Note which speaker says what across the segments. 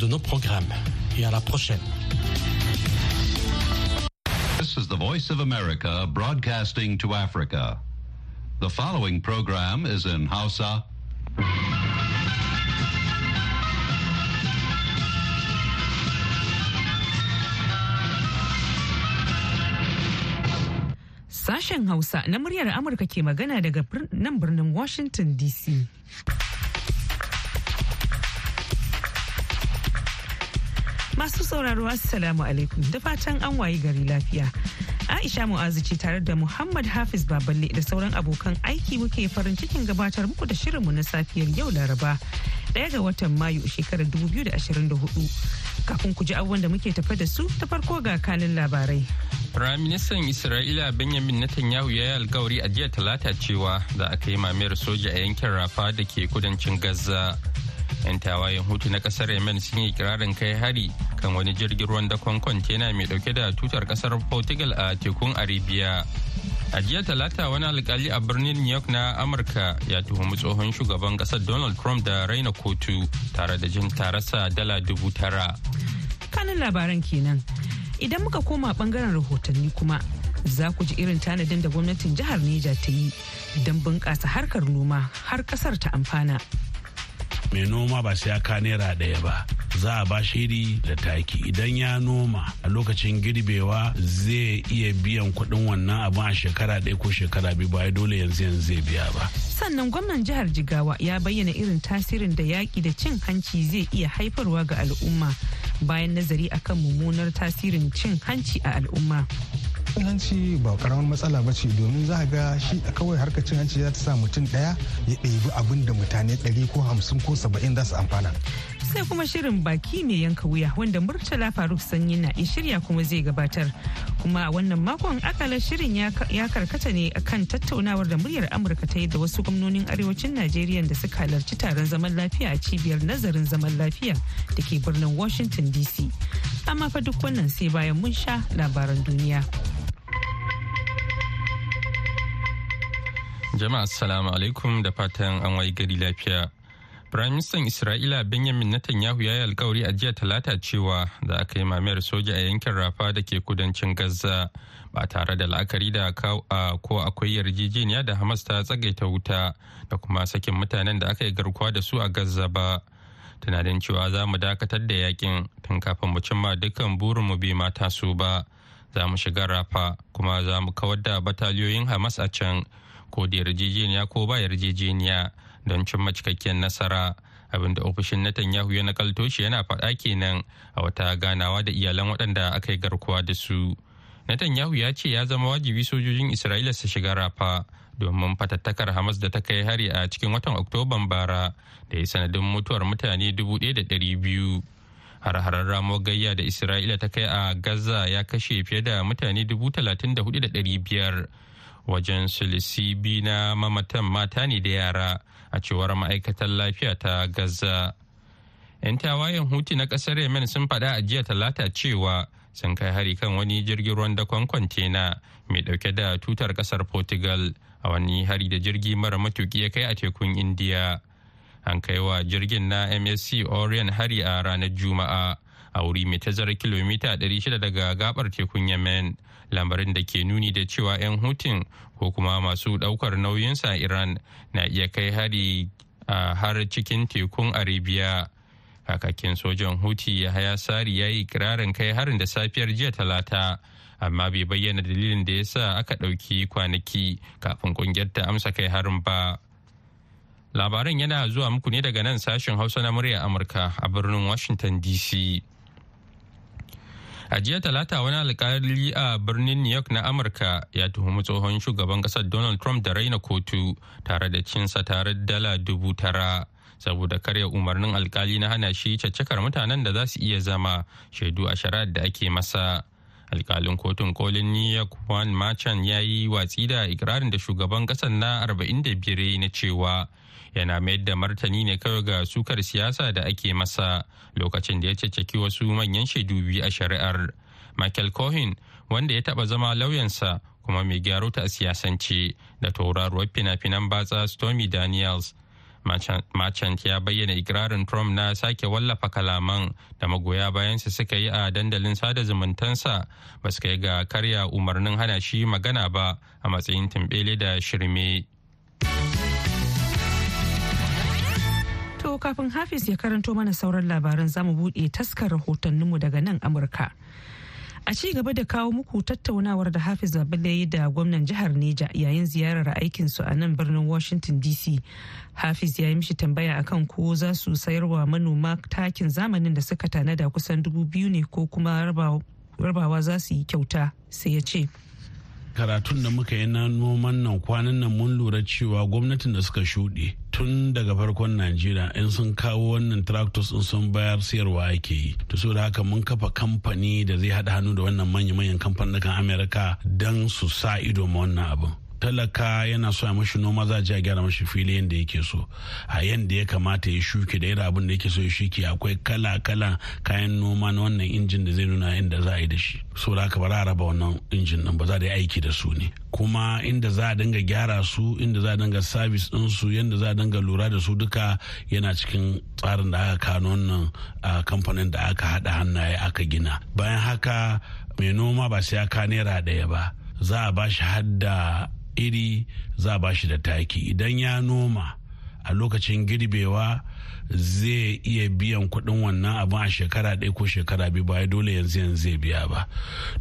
Speaker 1: de nos programmes et à la prochaine. This is the Voice of America broadcasting to Africa. The following program is in Hausa. Sashen Hausa na muryar Amurka ke magana daga nan birnin Washington DC. Masu sauraro Assalamu alaikum da fatan an wayi gari lafiya. Aisha Mu'azu ce tare da Muhammad Hafiz Baballe da sauran abokan aiki muke farin cikin gabatar muku da shirinmu na safiyar yau Laraba. Daya ga watan Mayu shekarar 2024. Kafin ku ji abubuwan da muke tafa da su ta farko ga kanin labarai.
Speaker 2: Firaministan Isra'ila Benjamin Netanyahu ya yi alkawari a jiya talata cewa za a kai mamayar soja a yankin Rafa da ke kudancin Gaza. 'yan tawayen hutu na kasar yemen sun yi kirarin kai hari kan wani jirgin ruwan dakon kwantena mai dauke da tutar kasar portugal a tekun arabia a jiya talata wani alkali a birnin new york na amurka ya tuhumi tsohon shugaban kasar donald trump da raina kotu tare da jin tarasa dala dubu tara
Speaker 1: kanin labaran kenan idan muka koma bangaren rahotanni kuma za ku ji irin tanadin da gwamnatin jihar neja ta yi don bunƙasa harkar noma har ƙasar ta amfana
Speaker 3: mai noma ba sai ya ka naira ɗaya ba za a ba shiri da taki idan ya noma a lokacin girbewa zai iya biyan kuɗin wannan abin a shekara ɗaya ko shekara biyu ba dole yanzu yanzu zai biya ba
Speaker 1: sannan gwamnan jihar jigawa ya bayyana irin tasirin da yaƙi da cin hanci zai iya haifarwa ga al'umma bayan nazari akan mummunar tasirin cin hanci a al'umma
Speaker 4: cin hanci ba karamar matsala ba ce domin za a ga shi kawai harkar cin hanci za ta sa mutum daya ya ɗebi abin da mutane ɗari ko hamsin ko saba'in za su amfana.
Speaker 1: sai kuma shirin baki mai yanka wuya wanda murtala faruk sanyi na in shirya kuma zai gabatar kuma wannan makon akala shirin ya karkata ne kan tattaunawar da muryar amurka ta yi da wasu gwamnonin arewacin najeriya da suka halarci taron zaman lafiya a cibiyar nazarin zaman lafiya da ke birnin washington dc amma fa duk wannan sai bayan mun sha labaran duniya.
Speaker 2: Jama'a assalamu alaikum da fatan an wayi gari lafiya. Firaministan Isra'ila Benjamin Netanyahu ya yi alkawari a jiya talata cewa za a kai mamayar soja a yankin Rafa da ke kudancin Gaza ba tare da la'akari da ko akwai yarjejeniya da Hamas ta tsagaita wuta da kuma sakin mutanen da aka yi garkuwa da su a Gaza ba. Tunanin cewa za mu dakatar da yakin tun kafin mu cimma dukkan mu bai mata su ba. Za mu shiga Rafa kuma za mu kawar da bataliyoyin Hamas a can. ko da yarjejeniya ko ba yarjejeniya don cimma cikakken nasara abinda ofishin Netanyahu ya nakalto shi yana faɗa kenan a wata ganawa da iyalan waɗanda aka yi garkuwa da su. Netanyahu ya ce ya zama wajibi sojojin Isra'ila su shiga rafa domin fatattakar Hamas da ta kai hari a cikin watan Oktoban bara da ya sanadin mutuwar mutane 1,200. Har-harar ramo gayya da Isra'ila ta kai a Gaza ya kashe fiye da mutane talatin da da 34,500 wajen silisibi na mamatan mata ne da yara a cewar ma'aikatar lafiya ta gaza 'yan tawayen huti na kasar yemen sun faɗa a jiya talata cewa sun kai hari kan wani jirgin ruwan dakon kwantena mai ɗauke da tutar ƙasar portugal a wani hari da jirgi mara matuki ya kai a tekun indiya an kai wa jirgin na msc orion hari a ranar juma'a a wuri mai tazarar kilomita 600 daga gabar tekun yemen lamarin da ke nuni da cewa 'yan hutun ko kuma masu daukar nauyinsa iran na iya kai hari a har cikin tekun arabia kakakin sojan huti ya haya sari ya yi kirarin kai harin da safiyar jiya talata amma bai bayyana dalilin da ya sa aka ɗauki kwanaki kafin ƙungiyar ta amsa kai harin ba labaran yana zuwa muku ne daga nan sashen hausa na murya amurka a birnin washington dc A jiya talata wani alkali a birnin New York na Amurka ya tuhumi tsohon shugaban kasar Donald Trump da raina kotu tare da cinsa tare dala dubu tara. saboda karya umarnin alkali na hana shi caccakar mutanen da za su iya zama shaidu a shari'ar da ake masa. alkalin kotun kolin new york juan machan ya yi watsi da ikirarin da shugaban kasar na 45 na cewa yana mayar da martani ne kawai ga sukar siyasa da ake masa lokacin da ya ceceki wasu manyan shaidu biyu a shari'ar michael cohen wanda ya taba zama lauyansa kuma mai gyaro ta a siyasance da tauraruwar fina-finan batsa stormy daniels Machant ya bayyana ikirarin Trump na sake wallafa kalaman da magoya bayansa suka yi a dandalin sada zumuntansa ba su kai ga karya umarnin hana shi magana ba a matsayin tumbele da shirme.
Speaker 1: kafin Hafiz ya karanto mana sauran labaran zamu buɗe taskar rahotanninmu daga nan Amurka. A ci gaba da kawo muku tattaunawar da Hafiz Abdullahi yi da gwamnan jihar Neja yayin ziyarar aikin su a nan birnin Washington DC. Hafiz ya yi mishi tambaya akan ko za su wa manoma takin zamanin da suka tanada kusan dubu biyu ne ko kuma rabawa za su yi kyauta sai ya ce.
Speaker 3: Karatun da muka yi na noman nan kwanan nan mun lura cewa gwamnatin da suka shuɗe tun daga farkon najeriya in sun kawo wannan tractors in sun bayar siyarwa ake yi to so da haka mun kafa kamfani da zai haɗa hannu da wannan manya-manyan kamfanin amerika don su sa ido ma wannan abin talaka yana so a mashi noma za a a gyara mashi fili yadda yake so a yadda ya kamata ya shuke da irin abin da yake so ya shuke akwai kala kala kayan noma na wannan injin da zai nuna inda za a yi da shi so da ba za a raba wannan injin nan ba za a yi aiki da su ne kuma inda za a dinga gyara su inda za a dinga sabis din su yadda za a dinga lura da su duka yana cikin tsarin da aka kano wannan kamfanin da aka haɗa hannaye aka gina bayan haka mai noma ba sai ya ka naira ɗaya ba za a ba shi hadda iri za ba shi da taki idan ya noma a lokacin girbewa zai iya biyan kuɗin wannan abin a shekara ɗaya ko shekara biyu ba ya dole yanzu yanzu zai biya ba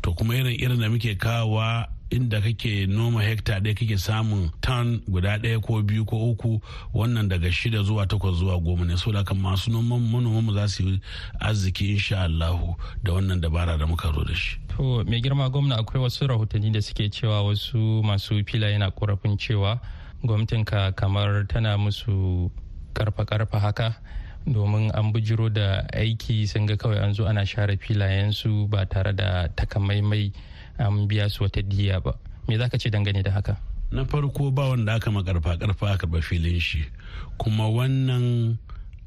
Speaker 3: to kuma irin irin da muke kawowa inda kake noma hekta ɗaya kake samun tan guda ɗaya ko biyu ko uku wannan daga shida zuwa takwas zuwa goma ne so kan masu noman manoman mu za su yi arziki insha Allahu da wannan dabara da muka zo da shi
Speaker 2: To mai girma gwamna akwai wasu rahotanni da suke cewa wasu masu filaye na korafin cewa gwamnatinka kamar tana musu karfa-karfa haka domin an bujiro da aiki sun ga kawai an zo ana share filayensu ba tare da takamaimai an biya su wata diya ba me za ka ce dangane da haka
Speaker 3: na farko ba wanda aka makarfa karfa aka ba filin shi kuma wannan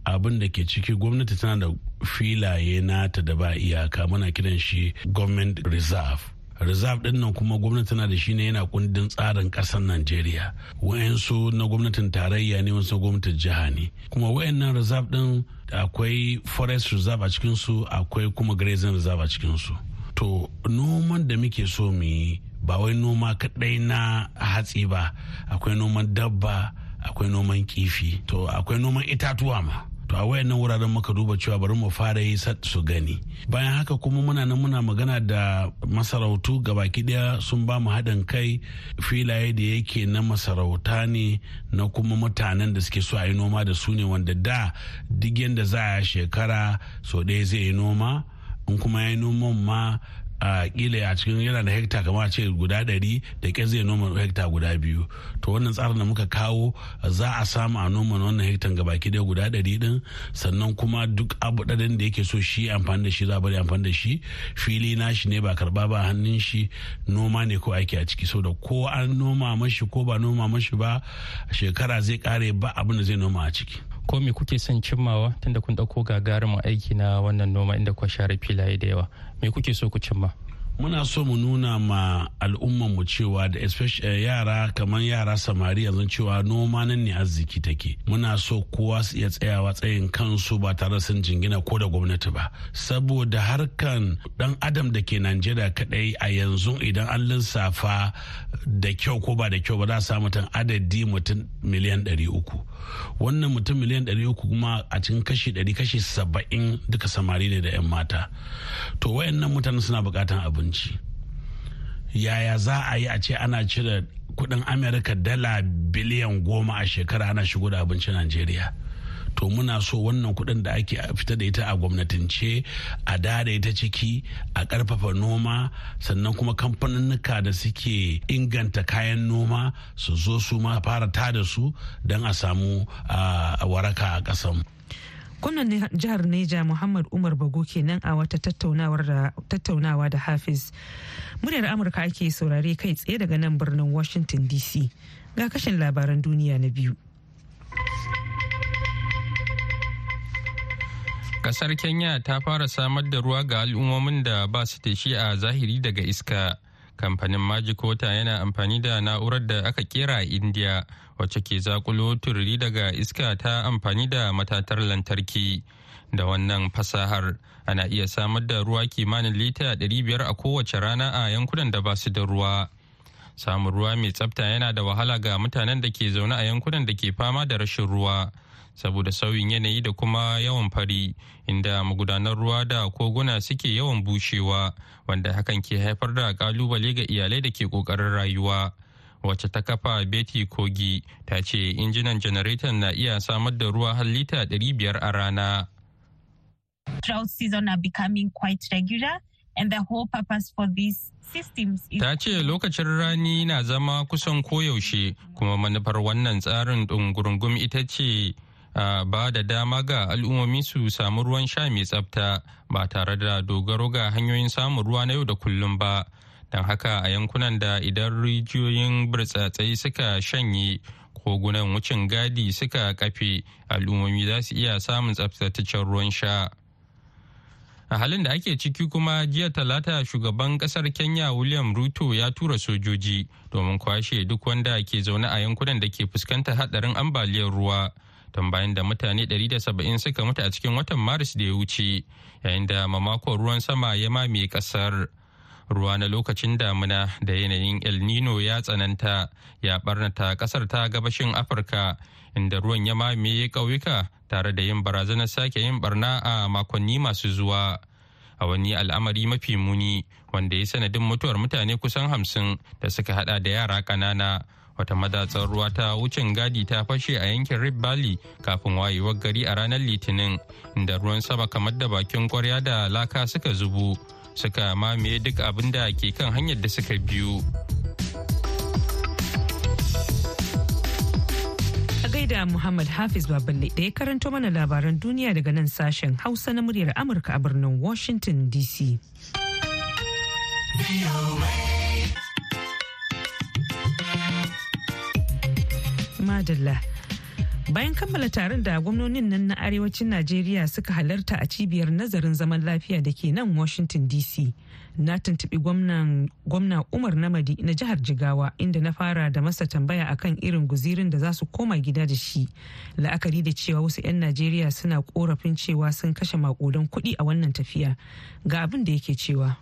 Speaker 3: abin da ke ciki gwamnati tana da filaye nata da ba iyaka muna kiran shi government reserve reserve din nan kuma gwamnati tana da shi ne yana kundin tsarin kasar najeriya wayansu na gwamnatin tarayya ne wasu gwamnatin jiha ne kuma wayannan reserve din akwai forest reserve a cikinsu akwai kuma grazing reserve a cikinsu to noman da muke so mu yi ba wai noma kaɗai na hatsi ba akwai noman dabba akwai noman kifi to akwai noman itatuwa ma to a wayannan wuraren muka duba cewa bari mu fara yi su gani bayan haka kuma muna nan muna magana da masarautu gabaki daya sun ba mu haɗin kai filaye da yake na masarauta ne na kuma mutanen da suke so a yi noma da su ne wanda da duk yadda za a shekara sau ɗaya zai yi noma in kuma ya yi noman ma a kila a cikin yana da hekta kamar ce guda ɗari da ke zai noma hekta guda biyu to wannan tsarin da muka kawo za a samu a noma wannan gaba baki ɗaya guda ɗari din sannan kuma duk abu ɗaɗin da yake so shi amfani da shi za a bari amfani da shi fili nashi ne ba karba ba hannun shi noma ne ko aiki a ciki so da ko an noma mashi ko ba noma mashi ba shekara zai kare ba abin da zai noma a ciki.
Speaker 2: ko me kuke son cimmawa tunda kun ɗauko gagarumin aiki na wannan noma inda kwa share filaye da yawa me kuke so ku cimma
Speaker 3: muna so mu nuna ma mu cewa da eh, yara kamar yara samari yanzu cewa noma nan ne arziki take muna so kowa su iya tsayawa tsayin kansu ba tare sun jingina ko da gwamnati ba saboda harkan dan adam da ke najeriya kadai a yanzu idan an lissafa da kyau ko ba da kyau ba za a samu adadi mutum miliyan 300 wannan mutum miliyan 300 kuma a cikin kashi ɗari kashi saba'in duka samari ne da 'yan mata to wayannan mutane suna bukatan abinci yaya za a yi a ce ana cire kudin amerika dala biliyan goma a shekara ana shigo da abinci najeriya to muna so wannan kuɗin da ake fita da ita a gwamnatance a dada ita ciki a karfafa noma sannan kuma kamfanin kamfaninnika da suke inganta kayan noma su zo su ma fara tada su don a samu a waraka a kasan
Speaker 1: gwamnan jihar neja muhammad umar bago kenan a wata tattaunawa da hafiz muryar amurka ake saurare kai tsaye daga nan birnin washington dc ga kashin labaran duniya na biyu
Speaker 2: Kasar Kenya ta fara samar da ruwa ga al'ummomin da ba su shi a zahiri daga iska. Kamfanin majikota yana amfani da na'urar da aka kera a India wacce ke zakulo turiri daga iska ta amfani da matatar lantarki. Da wannan fasahar ana iya samar da ruwa kimanin lita 500 a kowace rana a yankunan da ba su da ruwa. Samun ruwa mai tsafta yana da wahala ga mutanen da ke zaune a yankunan da ke fama da rashin ruwa. saboda sauyin yanayi da kuma yawan fari inda magudanar ruwa da koguna suke yawan bushewa wanda hakan ke haifar da kalubale ga iyalai da ke kokarin rayuwa wacce ta kafa betty kogi ta ce injinan janareton na iya samar da ruwa har lita 500 a rana
Speaker 1: season becoming quite regular
Speaker 2: Ta ce lokacin rani na zama kusan koyaushe kuma manufar wannan tsarin ɗungurungum ita ce a ba da dama ga al'ummomi su samu ruwan sha mai tsafta ba tare da dogaro ga hanyoyin samun ruwa na yau da kullum ba don haka a yankunan da idan rijiyoyin burtsatsai suka shanye kogunan wucin gadi suka kafe al'ummomi za su iya samun tsaftataccen ruwan sha a halin da ake ciki kuma jiya talata shugaban kasar kenya william ruto ya tura sojoji domin kwashe duk wanda ke zaune a yankunan da ke fuskantar hadarin ambaliyar ruwa tun bayan da mutane 170 suka mutu a cikin watan maris da ya wuce yayin da mamakon ruwan sama ya mame kasar ruwa na lokacin damuna da yanayin el nino ya tsananta ya barnata kasar ta gabashin afirka inda ruwan ya mamaye ƙauyuka tare da yin barazanar sake yin barna a makonni masu zuwa a wani al'amari mafi muni wanda ya sanadin mutuwar mutane kusan hamsin da suka hada da yara ƙanana wata madatsar ruwa ta wucin gadi ta fashe a yankin Rib Valley kafin wayewar gari a ranar Litinin inda ruwan sama kamar da bakin kwarya da laka suka zubo suka mamaye duk abin da ke kan hanyar da suka biyu.
Speaker 1: A gaida Muhammad Hafiz Baballe da ya karanto mana labaran duniya daga nan sashen Hausa na muryar Amurka a birnin Washington DC. madalla. Bayan kammala taron da gwamnonin nan na arewacin Najeriya suka halarta a cibiyar nazarin zaman lafiya da ke nan Washington DC. Na tuntuɓi gwamna Umar Namadi na jihar Jigawa inda na fara da masa tambaya akan irin guzirin da za su koma gida da shi. La'akari da cewa wasu 'yan Najeriya suna korafin cewa sun kashe maƙudan kuɗi a wannan tafiya. Ga abin da yake cewa.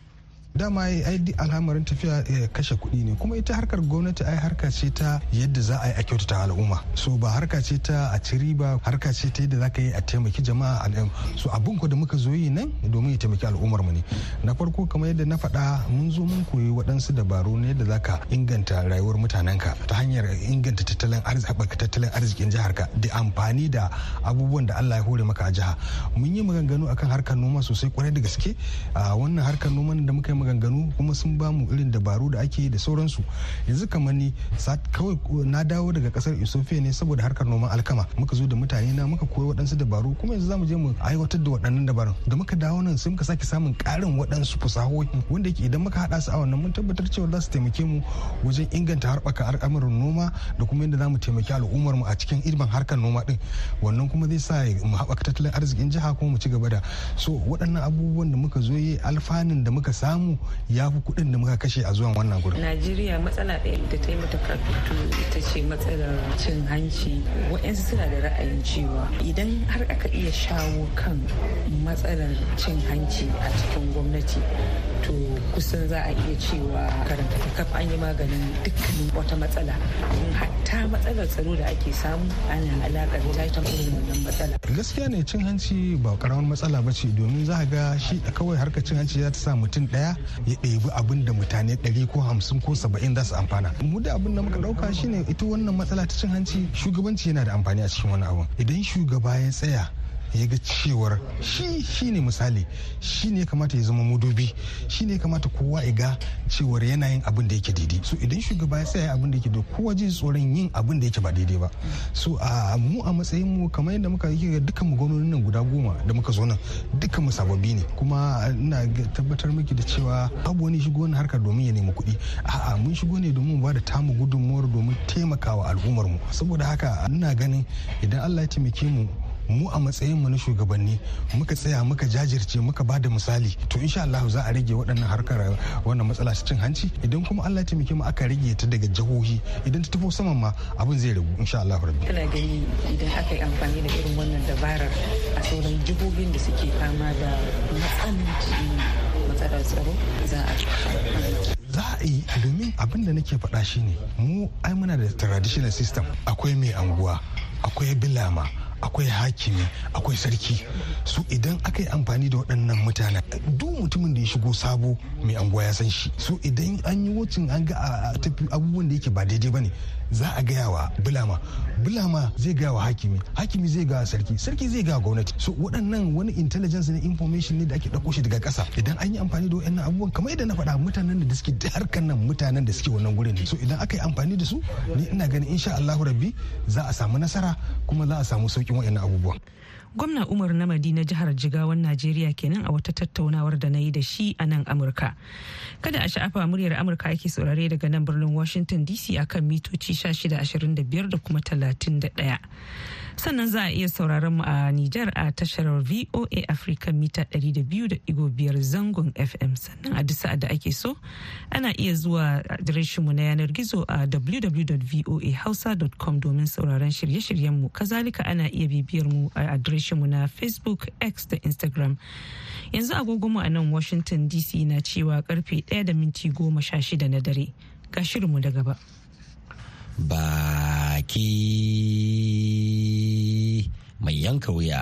Speaker 4: dama ai alhamarin tafiya eh, kashe kuɗi ne kuma ita harkar gwamnati ai harka ce ta yadda za a yi a kyautata al'umma so ba harka ce ta a ci riba harka ce ta yadda za ka yi a taimaki jama'a so abin ko da muka zo yi nan domin ya taimaki al'ummar mu ne na farko kamar yadda na faɗa mun zo mun koyi waɗansu dabaru na yadda za ka inganta rayuwar ka ta hanyar inganta tattalin arziki tattalin arzikin ka da amfani da abubuwan da Allah ya hore maka a jiha mun yi maganganu akan harkar noma sosai kwarai da gaske a wannan harkar noman da muka yi maganganu kuma sun ba mu irin dabaru da ake da sauransu yanzu kamar ni kawai na dawo daga kasar isofiya ne saboda harkar noman alkama muka zo da mutane na muka koyi waɗansu dabaru kuma yanzu zamu je mu aiwatar da waɗannan dabarun da muka dawo nan sun muka sake samun ƙarin waɗansu fasahohi wanda yake idan muka haɗa su a wannan mun tabbatar cewa za su taimake mu wajen inganta harɓaka al'amarin noma da kuma yadda zamu taimaki al'ummar mu a cikin irin harkar noma din wannan kuma zai sa mu haɓaka tattalin arzikin jiha kuma mu ci gaba da so waɗannan abubuwan da muka zo yi alfanun da muka samu mu ya fi kuɗin da muka kashe a zuwan wannan gurin.
Speaker 1: Najeriya matsala ɗaya da ta yi mata ita ce matsalar cin hanci waɗansu suna da ra'ayin cewa idan har aka iya shawo kan matsalar cin hanci a cikin gwamnati to kusan za a iya cewa karanta kaf an yi maganin dukkanin wata matsala hatta matsalar tsaro da ake samu ana alakar ta irin wannan matsala
Speaker 4: gaskiya ne cin hanci ba karamar matsala ba ce domin za ga shi kawai harkar cin hanci za ta sa mutum ɗaya. ya ɗebi abin da mutane ɗari ko hamsin ko saba'in za su amfana mu da abin da muka ɗauka shine ita wannan matsala ta cin hanci shugabanci yana da amfani a cikin wani abu idan shugaba ya tsaya ya ga cewar shi shi ne misali shi ne kamata ya zama mudubi shi ne kamata kowa ya ga cewar yana yin abin da yake daidai so idan shugaba ya tsaya abin da yake da kowa ji tsoron yin abin da yake ba daidai ba so a mu a matsayin mu kamar yadda muka yi dukkan mu gwamnonin nan guda goma da muka zo nan dukkan mu sababbi ne kuma ina tabbatar miki da cewa Abu wani shigo wani harkar domin ya nemi kuɗi a'a mun shigo ne domin mu ba da tamu gudunmuwar domin taimakawa al'ummar mu saboda haka ina ganin idan Allah ya taimake mu mu a matsayinmu na shugabanni muka tsaya muka jajirce muka ba da misali to insha Allah za a rage waɗannan harkar wannan matsala ta cin hanci idan kuma Allah ya taimake mu aka rage ta daga jahohi idan ta tafi saman ma abin zai ragu insha Allah rabbi
Speaker 1: kana gani idan aka yi amfani da irin wannan dabarar a sauran jihohin da suke fama da matsalar matsalar tsaro za a
Speaker 4: za a yi domin abin da nake faɗa shine mu ai muna da traditional system akwai mai anguwa akwai bilama akwai hakimi akwai sarki su idan aka yi amfani da waɗannan mutanen duk mutumin da ya shigo sabo mai anguwa ya san shi su idan an yi wucin an ga abubuwan da yake ba daidai ba ne za a gaya wa bulama bulama zai gaya wa hakimi hakimi zai gaya sarki sarki zai gaya gwamnati so waɗannan wani intelligence ne information ne da ake ɗauko shi daga ƙasa idan an yi amfani da waɗannan abubuwan kamar yadda na faɗa mutanen da suke harkar nan mutanen da suke wannan gurin ne so idan aka yi amfani da su ni ina ganin insha Allahu rabbi za a samu nasara kuma za
Speaker 1: a samu sauƙin waɗannan abubuwan gwamna umar namadi na jihar jigawan najeriya kenan a wata tattaunawar da na yi da shi a nan amurka kada a sha'afa muryar amurka ake saurare daga nan birnin washington dc akan mitoci 1625 da kuma 31 sannan za a iya sauraron mu a Nijar a tashar VOA Africa mita 200.5 zangon FM sannan a disa da ake so ana iya zuwa adireshin mu na yanar gizo a www.voahausa.com domin sauraron shirye-shiryen mu kazalika ana iya bibiyar mu a adireshin mu na Facebook X da Instagram yanzu mu a nan Washington DC na cewa karfe 1 da minti 16 na dare ga mu da gaba.
Speaker 5: baki mai yanka wuya.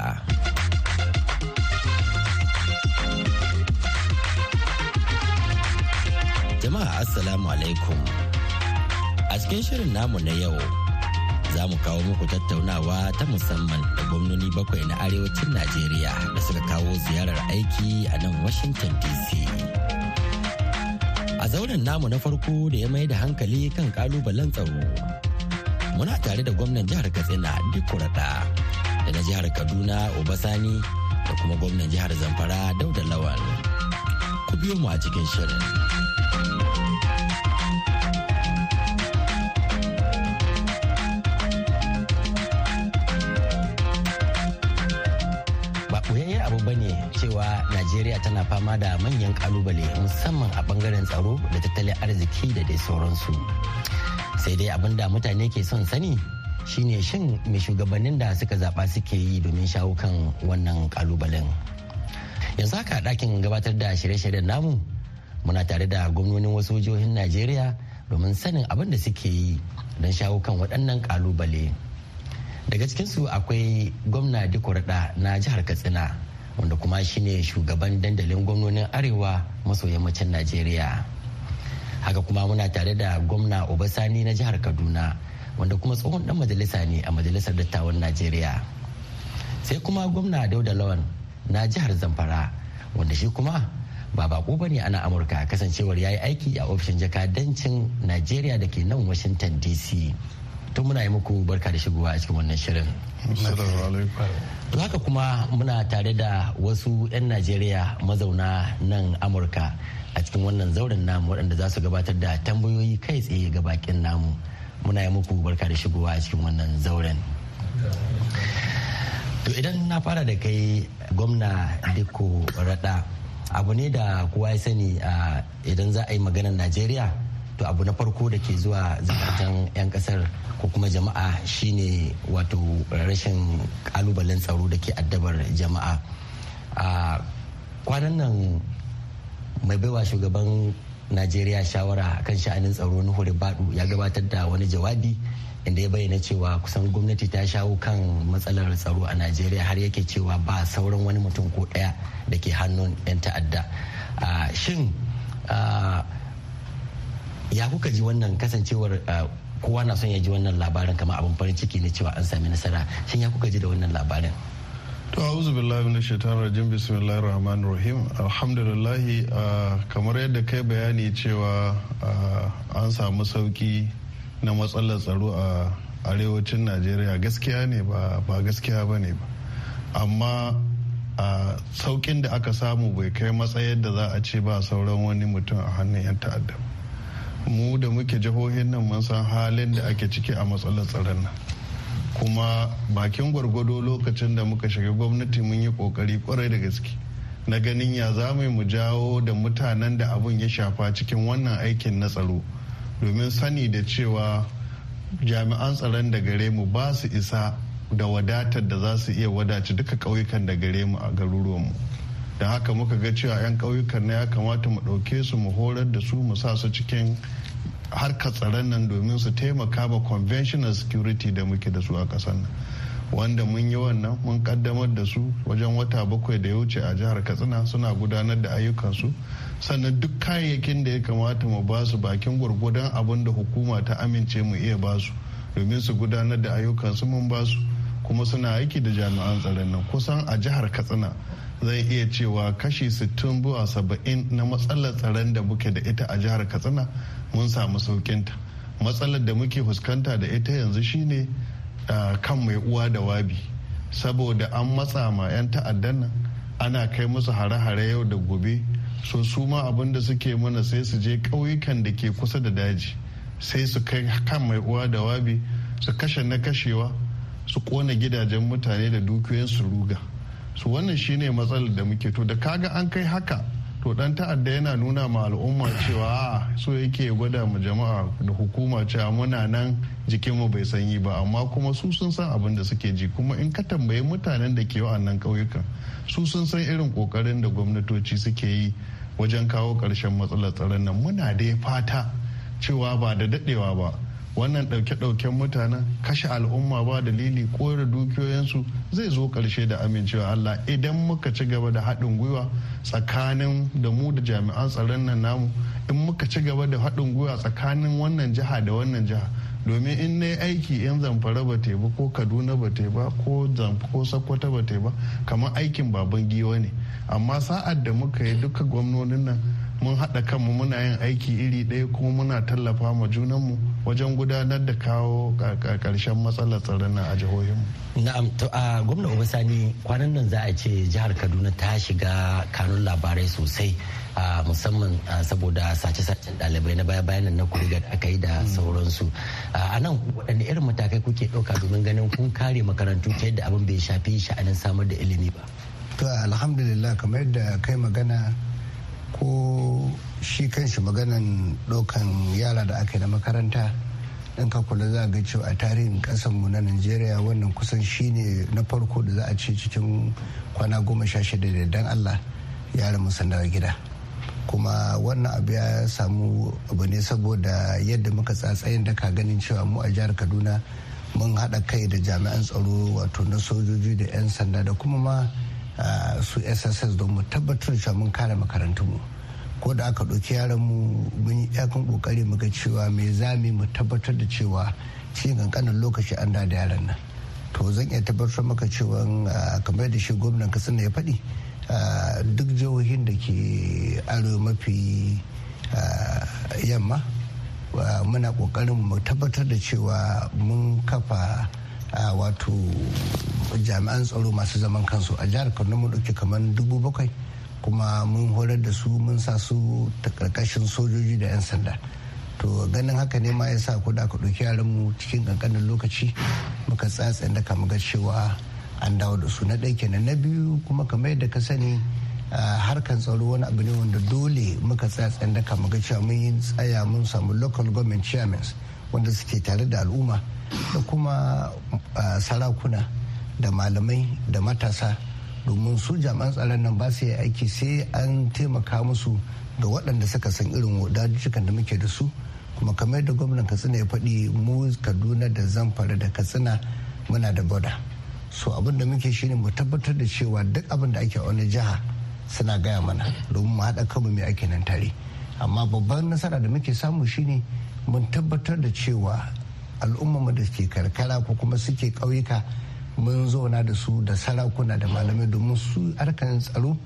Speaker 5: Jama'a Assalamu alaikum. A cikin shirin namu na yau, za mu kawo muku tattaunawa ta musamman da gwamnoni bakwai na arewacin Najeriya da suka kawo ziyarar aiki a nan Washington DC. a zauren namu na farko da ya mai da hankali kan kalubalen tsaro muna tare da gwamnan jihar katsina kurata da na jihar kaduna obasani da kuma gwamnan jihar zamfara dauda lawal ku biyo mu a cikin shirin sabo ba ne cewa najeriya tana fama da manyan kalubale musamman a bangaren tsaro da tattalin arziki da dai sauransu sai dai abin da mutane ke son sani shine shin mai shugabannin da suka zaba suke yi domin shawo kan wannan kalubalen yanzu haka ɗakin gabatar da shirye-shiryen namu muna tare da gwamnonin wasu jihohin najeriya domin sanin abin da suke yi don shawo kan waɗannan kalubale daga cikinsu akwai gwamna dikurada na jihar katsina wanda kuma shine shugaban dandalin gwamnonin arewa maso yammacin najeriya haka kuma muna tare da gwamna obasani na jihar kaduna wanda kuma tsohon dan majalisa ne a majalisar dattawan najeriya sai kuma gwamna dauda lawan na jihar zamfara wanda shi kuma ba bako ba ne ana amurka kasancewar ya yi aiki a ofishin jakadancin najeriya da ke nan washington dc tun muna yi muku barka da shigowa a cikin wannan shirin haka kuma muna tare da wasu 'yan najeriya mazauna nan amurka a cikin wannan zauren namu waɗanda za su gabatar da tambayoyi kai tsaye ga bakin namu muna yi muku barka da shigowa a cikin wannan zauren to idan na fara da kai gwamna diko rada abu ne da kowa ya sani idan za a yi maganar najeriya to abu na farko da ke zuwa zukatan 'yan kasar ko kuma jama'a shine wato rashin kalubalen tsaro da ke addabar jama'a a kwanan nan mai baiwa shugaban najeriya shawara kan sha'anin tsaro nuhu badu ya gabatar da wani jawabi inda ya bayyana cewa kusan gwamnati ta shawo kan matsalar tsaro a najeriya har yake cewa ba sauran wani mutum ko daya da ke hannun 'yan ta'adda shin ya kuka ji wannan kasancewar kowa na son ya ji wannan labarin kamar abin farin ciki ne cewa an sami nasara shin ya kuka ji da wannan labarin
Speaker 6: to auzu billahi minash shaitanir rajim bismillahir rahmanir rahim alhamdulillah kamar yadda kai bayani cewa an samu sauki na matsalar tsaro a arewacin najeriya gaskiya ne ba gaskiya ba ne ba amma saukin da aka samu bai kai matsayar da za a ce ba sauran wani mutum a hannun 'yan ta'adda mu da muke jihohin nan mun san halin da ake ciki a matsalar tsaron nan kuma bakin gwargwado lokacin da muka shiga gwamnati mun yi kokari kwarai da gaske na ganin ya za mu jawo da mutanen da abun ya shafa cikin wannan aikin na tsaro domin sani da cewa jami'an tsaron da gare mu ba su isa da wadatar da za su iya wadace duka ƙauyukan da gare mu a garuruwanmu da haka muka ga cewa 'yan ƙauyukan na ya kamata mu ɗauke su mu horar da su mu sa su cikin harkar tsaron nan domin su taimaka ba conventional security da muke da su a ƙasar nan wanda mun yi wannan mun kaddamar da su wajen wata bakwai da ya wuce a jihar katsina suna gudanar da ayyukansu sannan duk kayayyakin da ya kamata mu ba su bakin gwargwadon abin da hukuma ta amince mu iya ba su domin su gudanar da ayyukansu mun ba su kuma suna aiki da jami'an tsaron nan kusan a jihar katsina zai iya cewa kashi 60 zuwa 70 na matsalar tsaron da muke da ita a jihar katsina mun samu saukin ta matsalar da muke fuskanta da ita yanzu shine kan mai uwa da wabi saboda an matsa ma 'yan ta'addan nan ana kai musu hare-hare yau da gobe so su ma abin da suke mana sai su je ƙauyukan da ke kusa da daji sai su kai kan mai uwa da wabi su kashe na kashewa su kona gidajen mutane da dukiyoyin su ruga su wannan shine matsalar da muke to da kaga an kai haka to dan ta'adda yana nuna ma al'umma cewa so yake gwada mu jama'a da hukuma cewa muna nan jikinmu bai sanyi ba amma kuma su sun san abin da suke ji kuma in ka tambayi mutanen da ke wa'annan kauyukan su sun san irin kokarin da gwamnatoci suke yi wajen kawo ƙarshen matsalar tsaron nan muna dai fata cewa ba da daɗewa ba wannan ɗauke-ɗauken mutanen kashe al'umma ba dalili kore dukiyoyinsu zai zo karshe da amincewa Allah idan muka ci gaba da haɗin gwiwa tsakanin da mu da jami'an tsaron nan namu in muka ci gaba da haɗin gwiwa tsakanin wannan jiha da wannan jiha domin in na aiki in zamfara ba te ba ko kaduna ba te ba ko sakwata ba te ba kamar aikin baban giwa ne amma sa'ad da muka yi duka gwamnonin nan mun haɗa kanmu muna yin aiki iri ɗaya kuma muna tallafa ma junanmu wajen gudanar da kawo ƙarshen matsalar tsaron a jihohinmu. Na'am
Speaker 5: to a gwamna Obasani kwanan nan za a ce jihar Kaduna ta shiga kanun labarai sosai musamman saboda sace-sacen ɗalibai na baya bayanan na kuriga da aka yi da mm. sauransu. A nan waɗanne irin matakai kuke ɗauka domin ganin kun kare makarantu ta
Speaker 7: yadda abin bai shafi sha'anin samar da ilimi ba. To alhamdulillah kamar yadda kai magana ko shi kanshi maganan ɗaukan yara da aka yi na makaranta in ka kula za ga cewa a tarihin kasanmu na najeriya wannan kusan shine na farko da za a ce cikin kwana goma sha shida da dan allah yaran mu gida kuma wannan abu ya samu abu ne saboda yadda muka tsatsayin da ka ganin cewa mu a jihar kaduna mun haɗa kai da jami'an tsaro wato na sojoji da 'yan sanda da kuma ma su sss don mu tabbatar cewa mun kare makarantunmu ko da aka ɗauki yaran mu mun yi yakan mu muga cewa me zami mu tabbatar da cewa cikin kankanin lokaci an da yaran nan to zan iya tabbatar maka cewa kamar da shi gwamnan kasar ya faɗi duk jihohin da ke aro mafi yamma muna ƙoƙarin mu tabbatar da cewa mun kafa a wato jami'an tsaro masu zaman kansu a jihar Kano mun ɗauki kamar dubu bakwai kuma mun horar da su mun sa su ta karkashin sojoji da 'yan sanda to ganin haka ne ma ya sa ku da ku ɗauki yaranmu cikin kankanin lokaci muka tsatsa da kama ga cewa an dawo da su na ɗaya kenan na biyu kuma kamar yadda ka sani harkan tsaro wani abu ne wanda dole muka tsatsa da kama ga cewa mun yi tsaya mun samu local government chairmans wanda suke tare da al'umma da kuma sarakuna da malamai da matasa domin su jami'an tsaron nan ba su yi aiki sai an taimaka musu da waɗanda suka san irin wadajujjukan da muke da su kuma kamar da gwamnan katsina ya faɗi mu kaduna da zamfara da katsina muna da boda so abin da muke shine mu tabbatar da cewa duk abin da ake wani jiha suna gaya mana domin mu haɗa kanmu mai ake nan tare amma babban nasara da muke samu shine mun tabbatar da cewa al'ummarmu da ke karkara ko kuma suke ƙauyuka mun zauna da su da sarakuna da malamai domin su harkan tsaro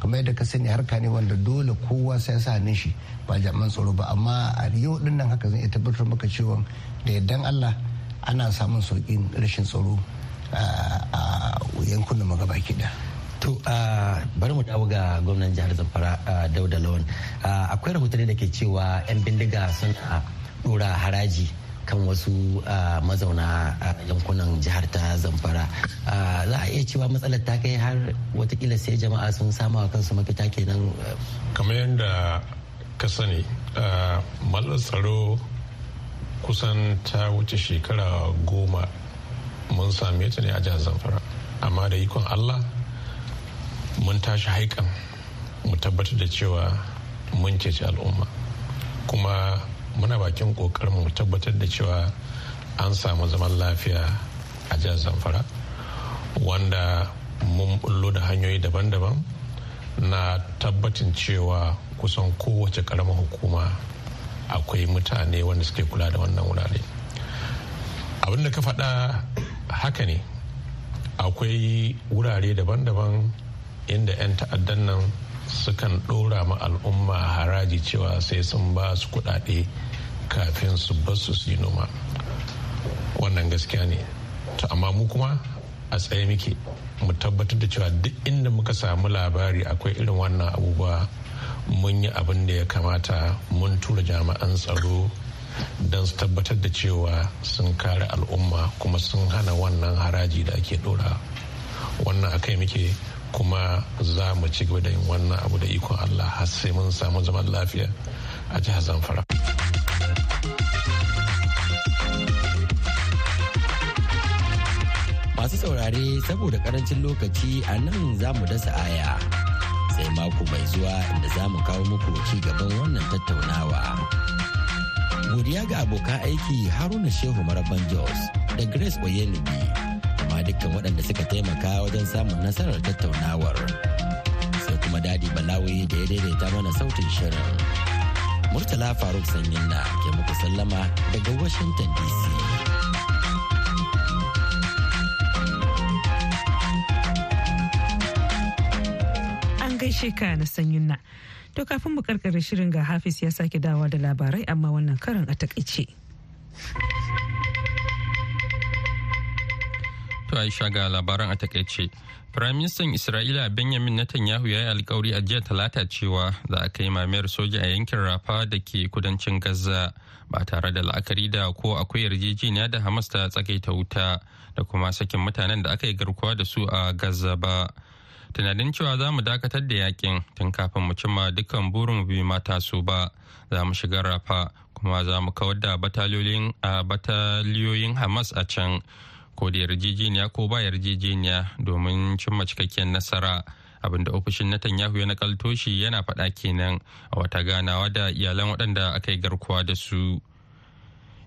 Speaker 7: kamar yadda ka sani harka ne wanda dole kowa sai sa hannun shi ba jami'an tsaro ba amma a yau din nan haka zan iya tabbatar maka cewa da yardan Allah ana samun sauƙin rashin tsaro a yankunan mu gaba da. To bari mu dawo ga gwamnan jihar Zamfara
Speaker 5: Dauda Lawan. Akwai rahotanni da ke cewa 'yan bindiga suna dora haraji kan wasu mazauna yankunan jihar ta zamfara za a iya cewa matsalar ta kai har watakila sai jama'a sun sama wa kansu mafita kenan
Speaker 8: kamar yadda ka sani matsalar tsaro kusan ta wuce shekara goma mun same ta ne a jihar zamfara amma da ikon allah mun tashi haikan mu tabbatar da cewa mun ceci al'umma kuma muna bakin kokarin mu tabbatar da cewa an samu zaman lafiya a jihar zamfara wanda mun bullo da hanyoyi daban-daban na tabbatin cewa kusan kowace karamar hukuma akwai mutane wanda suke kula da wannan wurare abinda ka faɗa haka ne akwai wurare daban-daban inda 'yan ta'addan nan sukan ɗora ma al'umma haraji cewa sai sun ba su kuɗaɗe kafin su basu su yi noma wannan gaskiya ne to amma mu kuma a tsaye muke mu tabbatar da cewa duk inda muka samu labari akwai irin wannan abubuwa mun yi abin da ya kamata mun tura jami'an tsaro don su tabbatar da cewa sun kare al'umma kuma sun hana wannan haraji da ake dora wannan akai muke kuma za mu ci gaba da yin wannan abu da ikon allah har sai mun samu zaman lafiya a jihar zamfara
Speaker 5: masu saurare saboda karancin lokaci a nan za mu dasa aya sai mako mai zuwa inda za mu kawo muku ci gaban wannan tattaunawa godiya ga abokan aiki haruna shehu maraban jos da grace oyelubi dukkan waɗanda suka taimaka wajen samun nasarar tattaunawar sai kuma dadi balawi da ya daidaita mana sautin shirin murtala faruk sanyin na ke muku sallama daga washington dc
Speaker 1: an gaishe ka na sanyin na to kafin mu karkare shirin ga hafiz ya sake dawa da labarai amma wannan karin a takaice.
Speaker 2: To Aisha ga labaran a takaice. Firaministan Isra'ila Benjamin Netanyahu ya yi alkawari a jiya talata cewa za a kai mamayar soja a yankin Rafa da ke kudancin Gaza ba tare da la'akari da ko akwai yarjejeniya da Hamas ta tsakaita wuta da kuma sakin mutanen da aka yi garkuwa da su a Gaza ba. Tunanin cewa za mu dakatar da yakin tun kafin mu cimma dukkan burin biyu mata su ba za mu shiga Rafa kuma za mu kawar da bataliyoyin Hamas a can. ko da yarjejeniya ko ba yarjejeniya domin cimma cikakken nasara abinda ofishin Netanyahu ya nakalto shi yana faɗa kenan a wata ganawa da iyalan waɗanda aka yi garkuwa da su.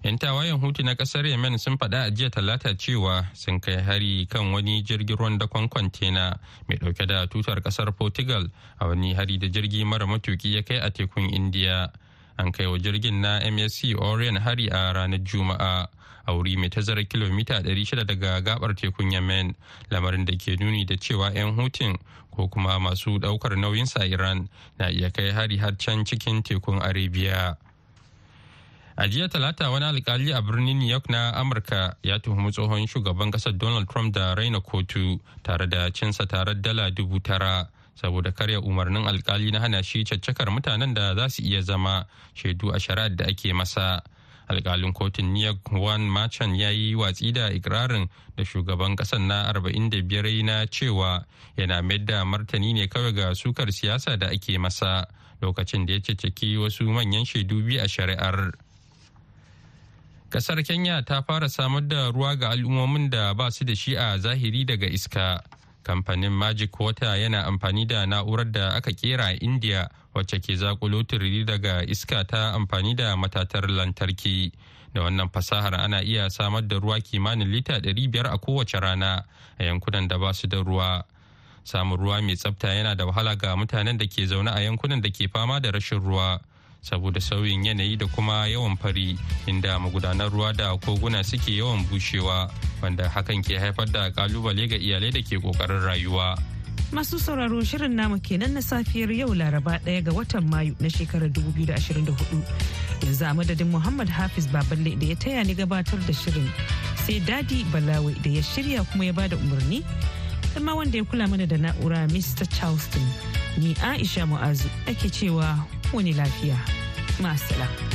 Speaker 2: 'Yan tawayen hutu na ƙasar Yemen sun faɗa a jiya talata cewa sun kai hari kan wani jirgin ruwan dakon kwantena mai ɗauke da tutar ƙasar Portugal a wani hari da jirgi mara matuki ya kai a tekun Indiya. An kai wa jirgin na MSC Orion hari a ranar Juma'a. a wuri mai tazara kilomita 600 daga gabar tekun yemen lamarin da ke nuni da cewa 'yan hutun ko kuma masu daukar nauyin sa iran na iya kai hari har can cikin tekun arabia a jiya talata wani alkali a birnin new york na amurka ya tuhumi tsohon shugaban kasar donald trump da raina kotu tare da cinsa tare dala dubu tara saboda karya umarnin alkali na hana shi caccakar mutanen da za su iya zama shaidu a shari'ar da ake masa alkalin kotun new wan machan ya yi watsi da ikirarin da shugaban kasar na 45 na cewa yana mayar da martani ne kawai ga sukar siyasa da ake masa lokacin da ya ceceki wasu manyan shaidu biyu a shari'ar kasar kenya ta fara samar da ruwa ga al'ummomin da ba su da shi a zahiri daga iska kamfanin magic water yana amfani da na'urar da aka kera a india wacce ke zakulo turiri daga iska ta amfani da matatar lantarki da wannan fasahar ana iya samar da ruwa kimanin lita 500 a kowace rana a yankunan da ba su da ruwa samun ruwa mai tsafta yana da wahala ga mutanen da ke zaune a yankunan da ke fama da rashin ruwa saboda sauyin yanayi da kuma yawan fari inda magudanan ruwa da koguna suke yawan bushewa wanda hakan ke haifar da kalubale ga iyalai da ke kokarin rayuwa.
Speaker 1: Masu sauraro shirin namu kenan na safiyar yau laraba ɗaya ga watan Mayu na shekarar 2024. Yanzu a madadin Muhammad Hafiz Baballe da ya taya ni gabatar da shirin sai Dadi Balawe da ya shirya kuma ya bada umarni. Amma wanda ya kula mana da na'ura Mr. Charleston ni Aisha Mu'azu ake cewa wani lafiya. Masala.